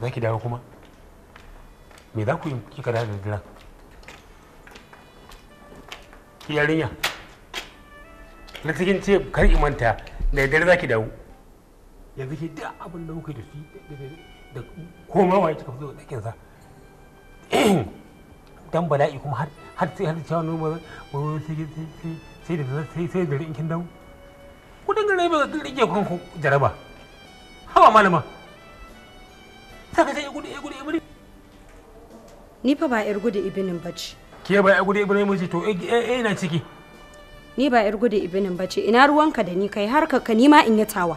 Za ki dawo kuma? Me za ku yi kika da daren? Ki yarinya. Na cikin ce kar imanta da dare za ki dawo. Yanzu ki duk abin da kuka da shi da koma waye kika fito da ɗakinsa. Dan bala'i kuma har sai har sai cewa noma sai da sai da rinkin dawo. ku dinga rabe rike ku jaraba hawa malama ta ka sai gudu gudu ibri ni fa ba yar gudu ibinin bace ke ba yar gudu ibinin bace to eh, eh, eh ina ciki ni ba yar gudu ibinin bace ina ruwanka da ni kai har ka nima in yi tawa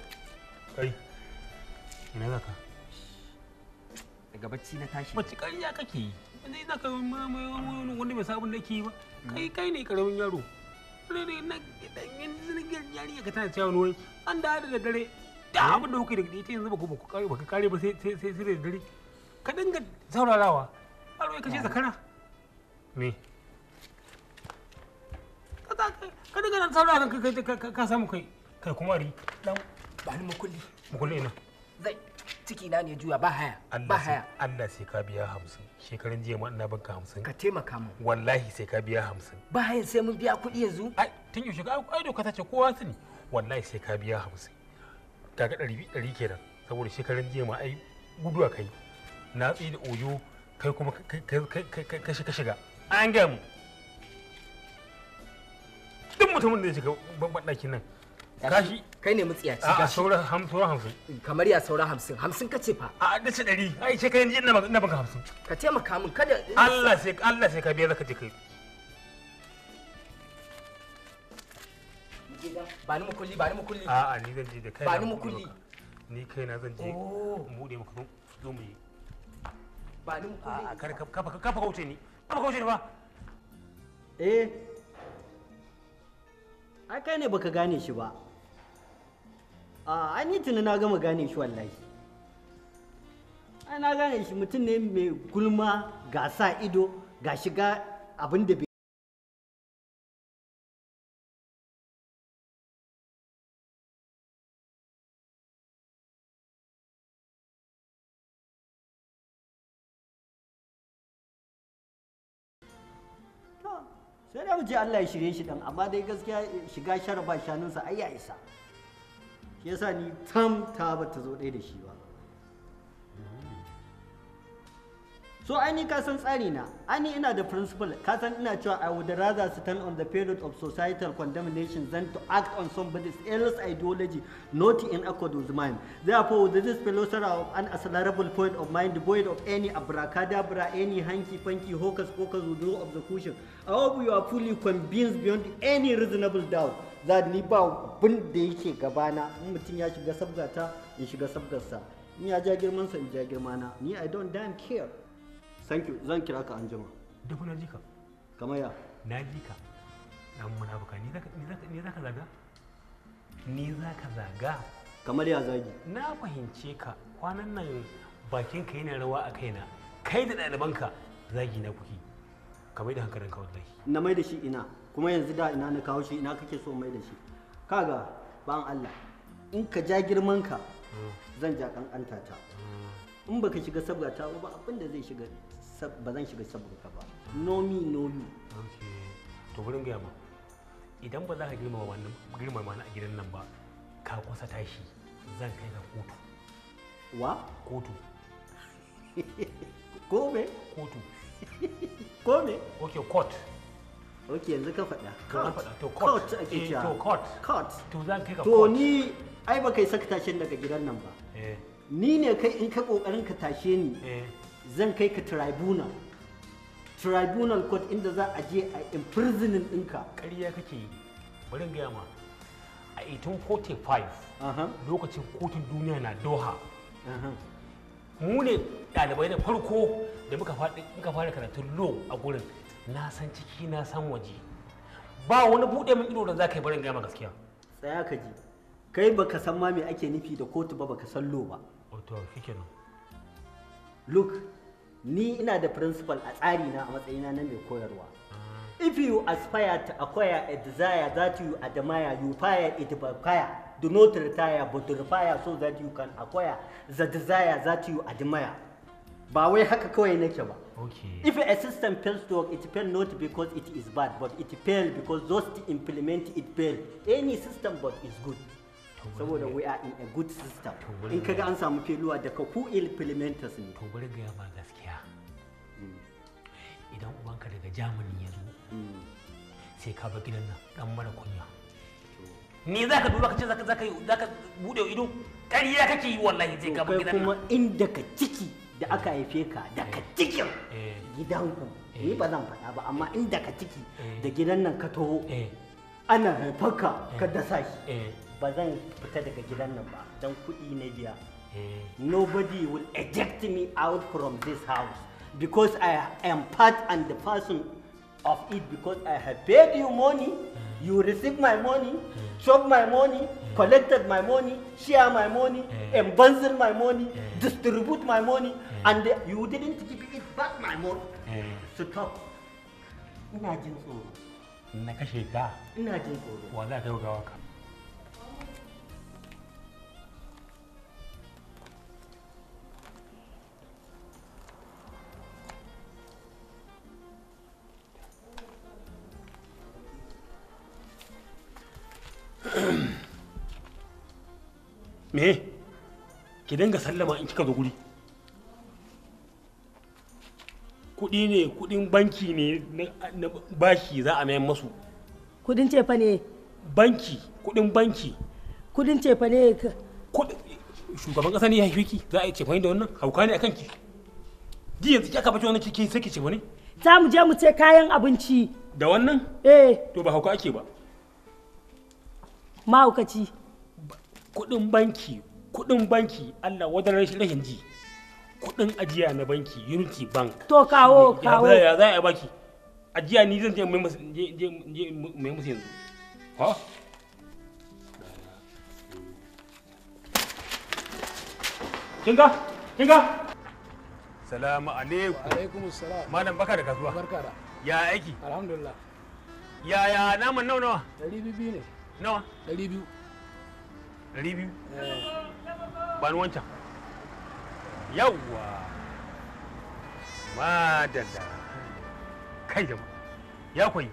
bacci na tashi bacci ƙarya kake yi yanzu ina ka wani bai sabon nake yi ba kai kai ne karamin yaro ne na yanzu na yarinya ka tana cewa wani an da da dare eh? da abin da kuka da ita yanzu ba ku kare ba ka kare ba sai sai sai da dare ka dinga saurarawa yaro ya kace zakara me ka dinga nan kai ka samu kai kai kuma ri dan ba ni makulli makulli ina zai ciki na ne juya ba haya ba haya Allah sai ka biya hamsin shekarun jiya ma ina banka hamsin ka taimaka mu wallahi sai ka biya hamsin ba haya sai mun biya kuɗi yanzu ai tun yau ka ai doka ta ce kowa su ne wallahi sai ka biya hamsin kaga ɗari ɗari kenan saboda shekarun jiya ma ai guduwa kai na tsi da oyo kai kuma ka shiga an gaya mu duk mutumin da ya shiga ɗakin nan kashi kai ne ce a saura hamsin kamar ya saura hamsin hamsin ka ce fa a da ce dari ai ce kai ina ina baka hamsin ka maka min kada Allah sai Allah sai ka biya zaka je kai ba ni mukulli ba ni mukulli a a ni zan je da kai ba ni mukulli ni kai na zan je oh. bude maka zo mu yi ba ni mukulli a kar ka ka kauce ni ka kauce ni ba eh ai kai ne baka gane shi ba a an yi tuni na gama gane shi wallahi ana na gane shi mutum ne mai gulma ga sa ido ga shiga abin da sai da mu je Allah ya shirye shi dan amma dai gaskiya shiga sharaba shanunsa ai ya isa shi yasa ni tam ta ba ta zo ɗaya da shi ba so aini ka san tsari na ni ina da principle ka san ina cewa i would rather stand on the period of societal condemnation than to act on somebody else's ideology not in accord with mine therefore with this philosopher of an accelerable point of mind devoid of any abracadabra any hanky panky hocus pocus do of the cushion i hope you are fully convinced beyond any reasonable doubt za ni ba abin da yake gabana in mutum ya shiga sabgata in shiga sabgarsa in ya ja girman sa in ja na ni i don't damn care thank you zan kira ka anjima da kuna jika kamar ya na jika dan munafuka ni zaka ni zaka ni zaka zaga ni zaka zaga kamar ya zagi na fahimce ka kwanan nan bakin ka yana rawa a kaina kai da ka zagi na kuki ka mai da hankalinka wallahi na mai da shi ina kuma yanzu da ina na kawo shi ina kake so mai da shi kaga ban Allah in ka ja girman ka zan ja kankanta ta in baka shiga sabga ta ba abin da zai shiga ba zan shiga sabga ka ba nomi nomi to burin gaya ba idan ba za ka girmama wannan na a gidan nan ba ka kusa tashi zan kai ka kotu wa kotu me. kotu me okay court ok yanzu ka faɗa court ake cewa court to zan kai ka to ni ai ba kai saka tashin daga gidan nan ba ni ne kai in ka kokarin ka tashe ni zan kai ka tribunal tribunal court inda za a je a imprisoning ɗinka ƙarya kake yi bari gaya ma a 1845 lokacin kotun duniya na doha mu ne ɗalibai na farko da muka fara karatun law a gurin na san ciki na san waje ba wani buɗe min ido da za ka yi barin gama gaskiya tsaya ka ji kai baka san ma me ake nufi da kotu ba baka san lo ba wato oh, nan. look ni ina da principal a tsari na a matsayina na mai koyarwa ah. if you aspire to acquire a desire that you admire you fire it by fire do not retire but fire so that you can acquire the desire that you admire ba wai haka kawai nake ba Okay. If a system fails to work, it fail not because it is bad, but it fail because those to implement it fail. Any system but is good. saboda we are in a good system in kaga an samu filuwa daga who implementers ne to bari gaya ba gaskiya mm. idan ubanka daga germany ya zo mm. sai ka bar gidan nan dan mara kunya ni za ka duba ka ce za ka bude ido kariya kake yi wallahi sai ka bar gidan nan kuma inda ka ciki da aka haife ka daga eh. cikin eh. gidanku ni eh. ba zan faɗa ba amma in daga ciki da gidan nan ka taho ana haifarka ka dasa shi ba zan fita daga gidan nan ba don kuɗi na biya nobody will eject me out from this house because I am part and the person of it because I have paid you money you receive my money chop my money collected my money share my money embezzle my money distribute my money and the, you didn't give it back my money eh. stop ina jin tsoro na kashe ta ina jin tsoro wa za ta yi gawa ka me ki dinga sallama in kika zo guri kuɗi ne kuɗin banki ne na bashi za a mayan masu kuɗin cefa ne banki kuɗin banki kuɗin cefa ne shugaban ƙasa ne ya haifi za a yi cefa da wannan hauka ne a kanki Jiya yanzu ki aka bace wannan ciki sai ki cefa ne za mu je mu ce kayan abinci da wannan eh to ba hauka ake ba ci. kuɗin banki kuɗin banki Allah wadannan rashin ji kudin ajiya na banki unity bank to kawo kawo ya za a baki ajiya ni zan je mai musu yanzu ha kinga kinga salamu alaikum alaikum salam malam baka da kasuwa barka da ya aiki alhamdulillah ya ya naman nawa nawa 200 ne nawa 200 200 ban wancan yawwa madalla kai da ya koyi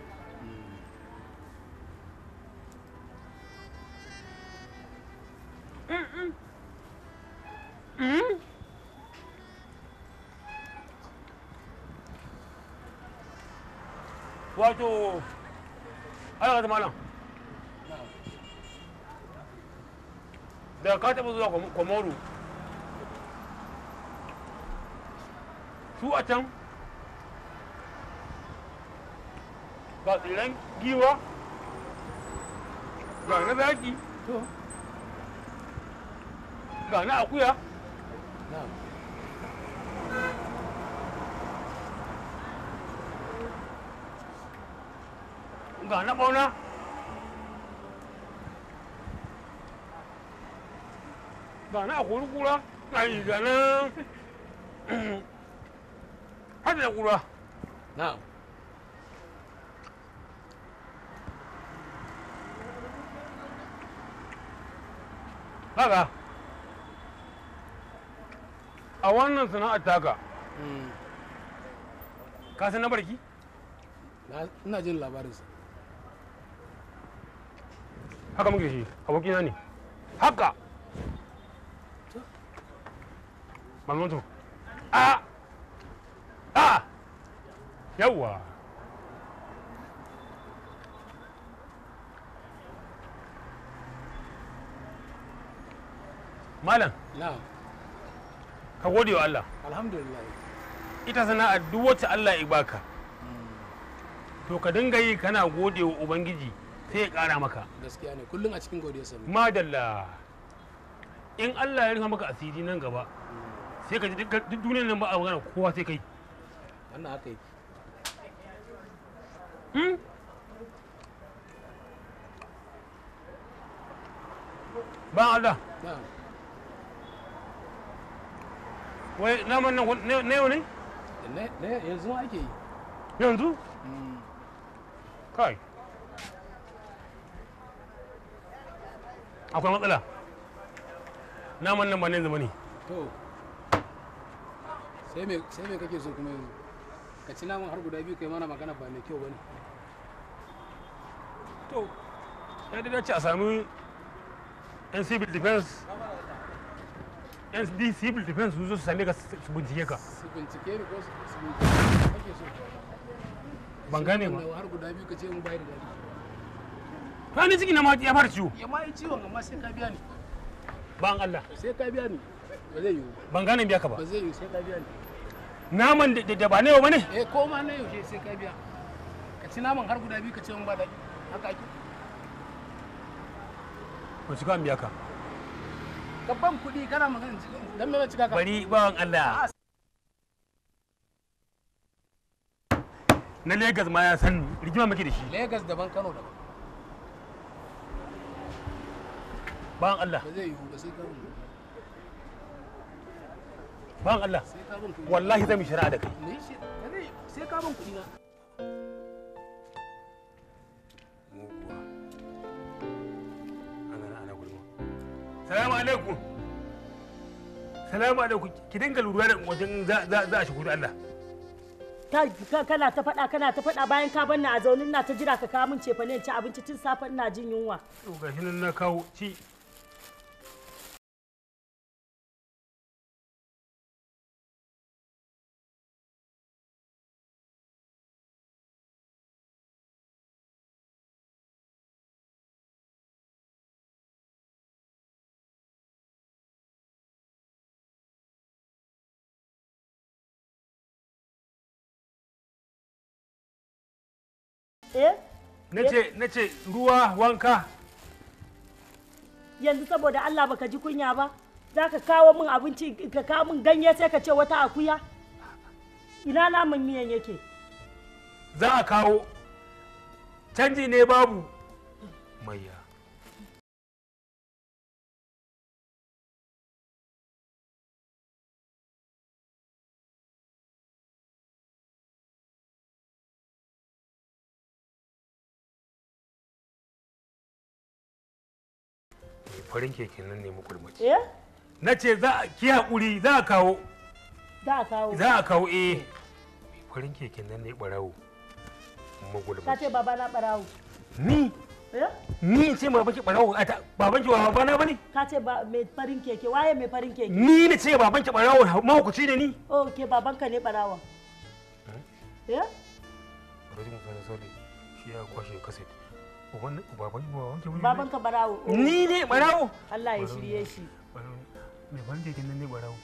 mm, mm. mm. wato ala ga malam da ka taɓa zuwa komoru su a can ga tsiran giwa ga na zaki ga na akuya ga na bauna ga na kura ga na Hadi da kura na'am kaga a wannan sana'ar taka hmm. ka san na barki ina jin labarinsa haka muke shi abokina ne haka Malmoto. Ah! يوا ah! مالن malam ka gode wa Allah ita sana'ar duk wacce Allah ya baka to ka dinga yi kana gode wa ubangiji sai ya kara maka gaskiya ne kullum a cikin godiya sami madalla in Allah ya rufa maka asiri nan gaba sai ka ji duk duniyar nan ba a magana kowa sai kai wannan aka yi. Hmm? ba Allah wai naman nan ne ne ne yanzu ake yi yanzu hmm. kai akwai matsala naman nan ba ne zama ne to sai me kake so kuma yanzu ka ci namun har guda biyu kai mana magana ba mai kyau ba ne to ya dai dace a sami yan civil defense yan civil defense sun zo su same ka su bincike ka su bincike ni ko su bincike kake so ban gane ba har guda biyu ka ce mu bayar da to ni ciki na ma ya fara ciwo ya ma yi ciwon amma sai ka biya ni ban Allah sai ka biya ni ba zai yiwu ban gane biya ka ba ba zai yiwu sai ka biya ni naman da da ba na yau bane eh ko ma na yau sai ka biya ka ci naman har guda biyu ka ce mun ba daɗi haka ake ko ci kan biya ka gaban kuɗi kana magana dan me ci ka bari bawan Allah ah, na Legas ma ya san rigima muke da shi Legas daban Kano daban bawan Allah ba zai yi ba sai Kano ban Allah wallahi zan shari'a da kai sai ka ban kuɗi na salamu alaikum salamu alaikum ki dinga lura da wajen za a shigo da Allah kana ta faɗa kana ta faɗa bayan ka banna a zaunin na ta jira ka kawo min cefa ne ci abinci tun safe ina jin yunwa to gashi nan na kawo ci eh na ce eh? ruwa wanka yanzu saboda Allah baka ji kunya ba za ka kawo min abinci ka kawo min ganye sai ka ce wata akuya ina namun miyan yake za a kawo canji ne babu mayya farin keken nan ne makulmaci eh? na ce za a ki haƙuri za a kawo za a kawo za kawo eh farin keken nan ne barawo magulmaci ka ce baba na barawo ni ni ce ma baki barawo a baban ki baba na bane ka ce ba mai farin keke waye mai farin keke ni ne ce baban ki barawo mahaukaci ne ni oh ke baban ka ne barawo hmm? eh rajin sanin shi ya kwashe kaset baban ka barawo ni ne barawo Allah ya shirye shi me wanda yake nan ne barawo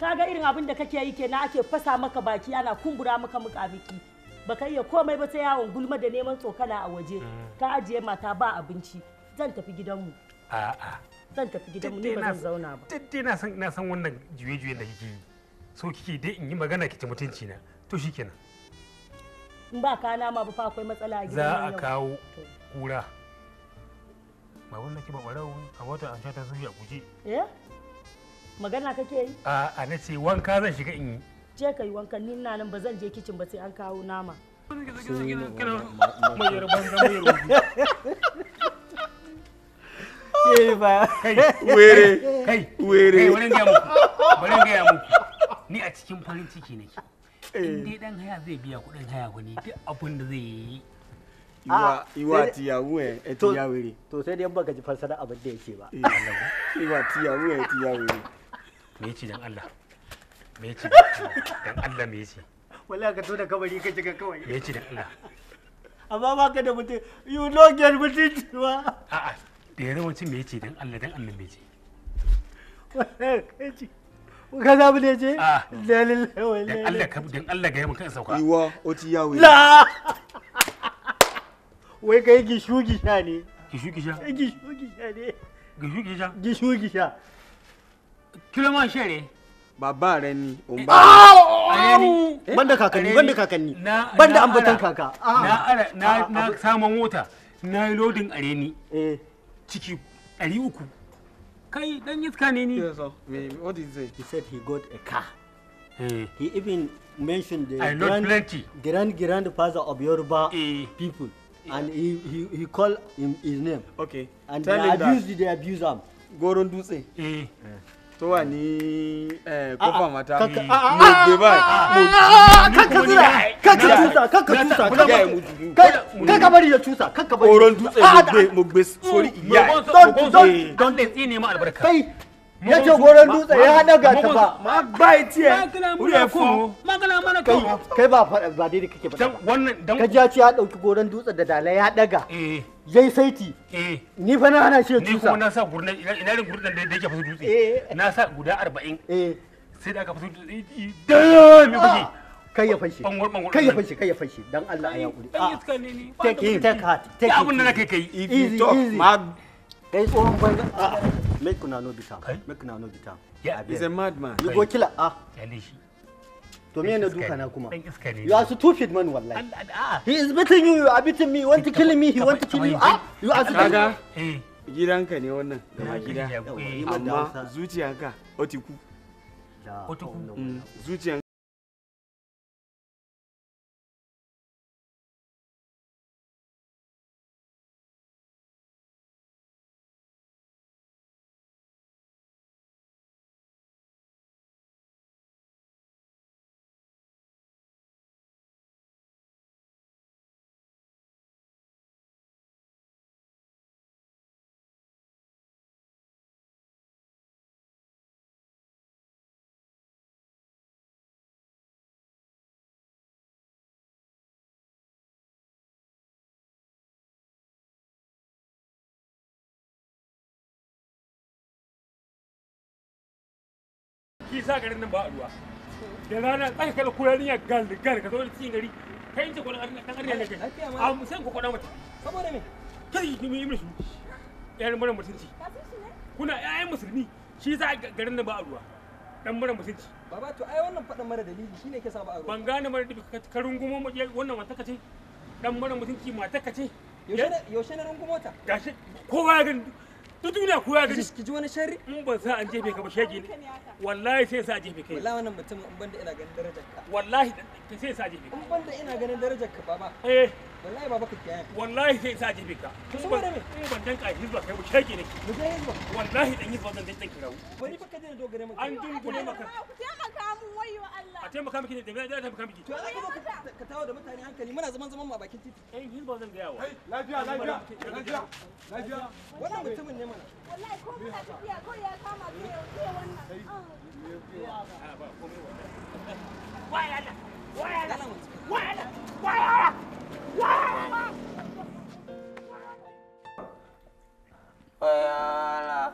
kaga irin abin da kake yi kenan ake fasa maka baki ana kumbura maka mukabiki baka iya komai ba ta yawon gulma da neman tsokana a waje mm. ka ajiye mata ba abinci zan tafi gidanmu a'a zan tafi gidanmu ne ba zan zauna ba daddai na san ina san wannan juye-juye da kike yi so kike dai in yi magana kici mutunci na to shikenan in ba ka nama ba fa akwai matsala a gidan za a kawo kura ba wanda ki ba barau a wata an ta zuwa ya guje eh magana kake yi a a na ce wanka zan shiga in yi je kai wankan ni na nan ba zan je kicin ba sai an kawo nama Kai Were. Kai. Were. gaya Ni a cikin farin ciki nake. Eh. In dai dan haya zai biya kuɗin haya ku ne duk abin da zai yi iwa tiyawo ẹ ẹ ti ya wèrè. to sai dai baka ji fassara abin da yake ba. Eh, iwa tiyawo ẹ eh, ti ya wèrè. me yace dan Allah me yace dan Allah me yace. wallahi ka to da kabari ka shiga kawai. me yace dan Allah. amma ba ka da mutum you no get mutunci ba. a'a da ya zama me ci dan Allah dan Allah me yace. wallahi kai ci. ka za mu leje? lalilai wallahi. dan Allah ka dan Allah sauka. iwa o ti ya wèrè. wai kai gishu gisha ne gishu gisha gishu gisha ne gishu gisha gishu gisha kiloman shere babba rani umba ah, rani eh, banda kakanni banda kakanni banda ambatan kaka ah. na na ah, samu mota na yi areni areni eh. ciki ɗari uku kai dan iska ne ni what he say he said he got a car eh. He even mentioned the grand, grand, grand father of Yoruba people. and he he, he call him his name okay and Tell they abuse they abuse am eh. to wa eh tusa ah, ah. tusa bari ya tusa sori iya don don don ma albarka ya ce goron dutse ya hada ga ta ba ma bai tiye wuri ya kuma magana mana kai kai ba fada ba dai kake fada wannan dan kaji ce ya dauki goron dutse da dala ya daga eh yayi saiti eh ni fa na hana shi ya tusa ni kuma na sa gurnan ina rin gurnan da yake fasu dutse eh. na sa guda 40 eh sai da aka fasu dutse da mi kuke kai ya fashe kai ya fashe kai ya fashe dan Allah ya hakuri ah. take take take abun da nake kai easy easy kai tsohon banza a ah. make una no bitam make una no bitam yeah he's a madman you go killer ah kyale shi to me na duka na kuma you are stupid man wallahi ah. he is beating you you are beating me want to kill me he want to kill you ah you are stupid eh. gidanka ne wannan gama gida amma zuciyanka otiku otiku mm, zuciyanka ki sa garin nan ba a ruwa da rana tsaka kada ko yarinya gal gal ka zo da cikin gari kai ce gwanin arna dan arna ne kai a musan ku kwada mata saboda me kai ki mutunci kuna yayan musulmi shi sa garin nan ba a ruwa dan mara mutunci baba to ai wannan fadan mara dalili shine ke sa ba a ruwa ban gane mara dalili ka rungumo wannan mataka kace dan mara mutunci mataka ce yaushe na rungumo ta gashi kowa ya gani duk duniya ko ya gani ki ji wani sharri in ba sa an jefe ka ba shege ne wallahi sai sa jefe kai wallahi wannan mutum in banda ina ganin darajar ka wallahi sai sa jefe in banda ina ganin darajar ka baba eh wallahi baba kake wallahi sai sa jibi ka kun ban kun ban dan ka hizba kai shege ne mu je hizba wallahi dan hizba zan dan kirawo bari fa ka je dogare maka an dungule maka taimaka mun wayo Allah a taimaka miki ne da da taimaka miki to ai kuma ka tawo da mutane hankali muna zaman zaman ma bakin titi eh hizba zan ga yawa lafiya lafiya lafiya lafiya wannan mutumin ne mana wallahi ko mun tafiya ko ya kama ke wannan wai ah. ah, Allah wai Allah Ayala.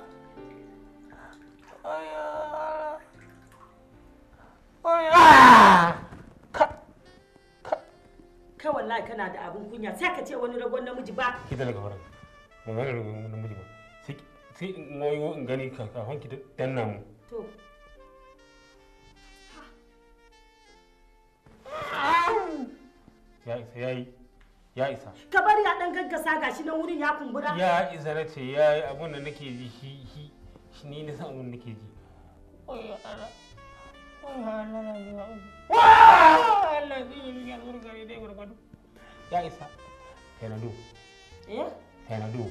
Ayala. Ayala. kana da abin kunya sai ka ce wani ragon namiji ba. Ki da Ba ragon namiji ba. Sai in gani ki danna mu. To. Ya yayi. ya isa ka bari a dan gaggasa gashi nan wurin ya kumbura ya isa na ce ya yi abin da nake ji shi shi shi ni nisan da nake ji ya isa kai na do kai eh? na do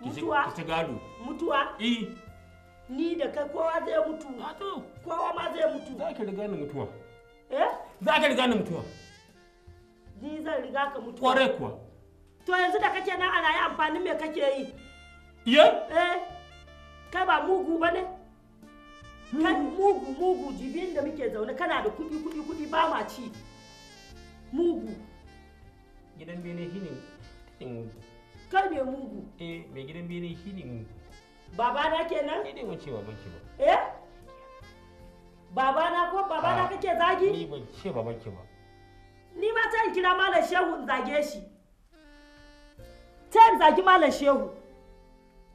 mutuwa ki gado mutuwa eh ni da kai kowa zai mutu a ah, to kowa ma zai mutu za ka riga ni mutuwa eh za ka riga ni mutuwa ni zan riga ka mutuwa kwarai kuwa to yanzu da kake nan a raye amfanin me kake yi ye eh kai ba mugu ba ne kai mugu mugu jibin da muke zaune kana da kudi kudi kudi ba ma ci mugu gidan bene shine kai ne mugu eh mai gidan bene shi baba na kenan ni ne ce baban ki ba eh baba na ko baba na ah, kake zagi ni ban ce baban ki ba ni ma ta kira malam shehu in zage shi ta in zagi malam shehu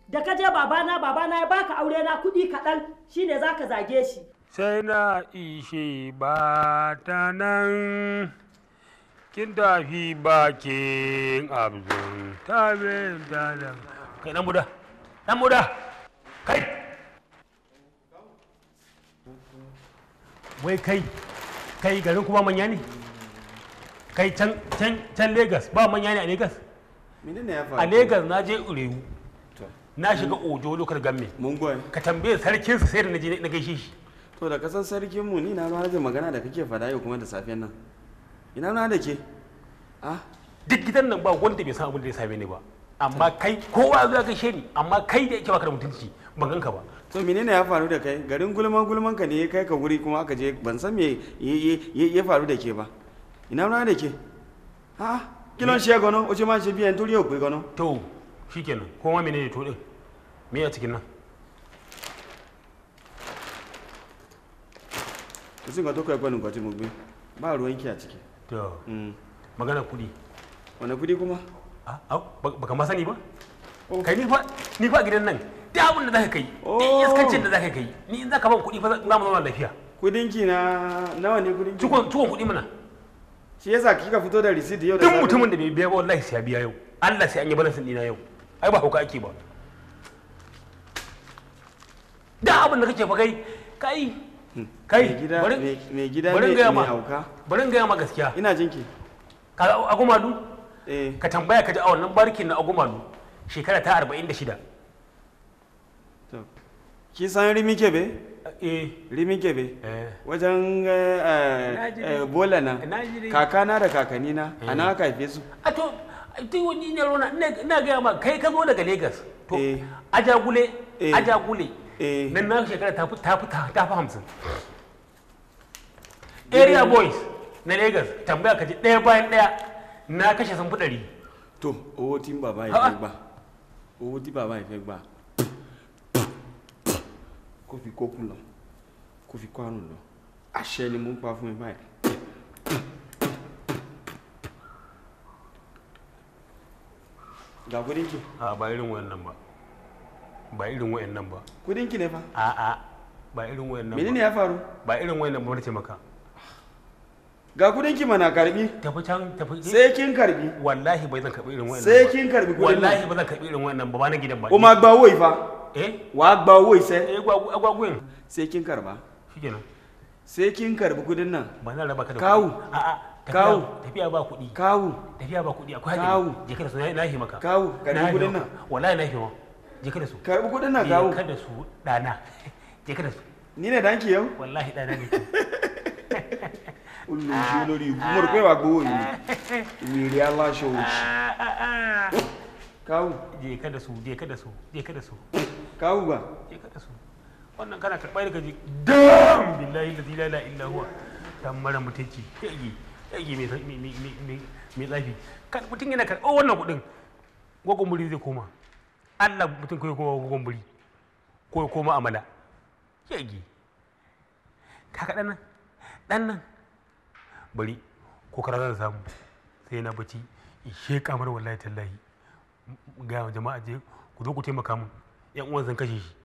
da ka je babana babana ya baka aure na kudi kadan shine zaka zage shi sai na ishe ba ta nan kin tafi bakin Ta tabe dalam kai dan muda dan muda kai wai kai kai garin kuma manya ne kai can can can Lagos ba manya ne a Lagos menene ya a Lagos na je Urewu na shiga Ojo lokar gamme mun ka tambaye sarkin sai da na je na gaishe shi to da kasan sarkin mu ni na zo na magana da kake fada yau kuma da safiyan nan ina na da ke ah. duk gidan nan ba wanda bai san abin da ya same ni ba amma kai kowa zuwa gaishe ni amma kai da yake baka da mutunci ban ganka ba to menene ya faru da kai garin gulman gulman ka ne ya kai ka wuri kuma aka je ban san me ya faru da ke ba ina na da ke ha kilon shi gano? o ce ma shi biyan turi ope gano? to shikenan ko ma menene to din me ya cikin nan to ga to kai kwanin kwatin mu bi ba ruwan ki a ciki to mm. magana kuɗi wani kuɗi kuma ah, baka masa sani ba oh. kai ni fa ni fa gidan nan da abin da zaka kai duk oh. iskancin da zaka kai ni in zaka ban kuɗi fa za mu zauna lafiya kuɗin ki na nawa ne kuɗin ki cikon kuɗi mana shi yasa kika fito da receipt yau da duk mutumin da bai biya ba wallahi sai ya biya yau Allah sai an yi balansin dina yau ai ba hauka ake ba da abin da kake fa kai kai kai mai gida mai hauka barin gaya ma gaskiya ina jinki ka agumalu eh. ka tambaya ka ji a wannan barkin na agumalu shekara ta 46 ki san rimi kebe eh. rimi kebe eh. wajen bola na kakana da kakanina a na haife su a to wani ne rona ina gaya ma kai ka zo daga lagos to a jagule. nan na shekara ta fi ta fi hamsin area boys na lagos tambaya ka ji ɗaya bayan ɗaya na kashe sun fi ɗari to owó tí bàbá yìí fẹ́ gbà owó tí bàbá yìí fẹ́ gbà kó fi kókun lọ kó fi ni mo ń pa fún mi báyìí. ga gudun ba irin nan ba kudin ki ne fa a'a ba irin nan menene ya faru ba irin nan ba ce maka ga kudin ki mana karbi tafi can tafi sai kin karbi wallahi bai zan karbi irin nan sai kin karbi kudin wallahi ba zan karbi irin nan ba ba na gidan ba kuma gba woi fa eh wa gba woi sai eh gwa gwa sai kin karba shikenan sai kin karbi kudin nan ba na raba ka da kawu a kawu tafiya ba kuɗi Kawu. tafiya ba kuɗi akwai Kawu. je ka na yi maka kawu ka kudin nan wallahi na yi maka je ka da su karbi kudin na kawo je ka da su dana je ka da su ni ne danki yau wallahi dana ne olùlò ìṣe lórí ìbú mo rò pé wàá gbowó yìí wèrè aláṣọ kawu je ka da su je ka da su je ka da su kawu ba je ka da su wannan kana karɓa daga ji dam billahi la ilaha illa huwa dan mara mutunci Ya'yi, ya'yi mai mai mai mai tsafi mutum yana karɓo oh, wannan kuɗin gwagwamuri zai koma Allah mutum kai koma gumburi ko kuma amala yage kaka dan nan dan nan bari ko kara zan samu sai na baci in sheƙa mar wallahi tallahi ga jama'a je ku zo ku taimaka mun yan uwan zan kashe shi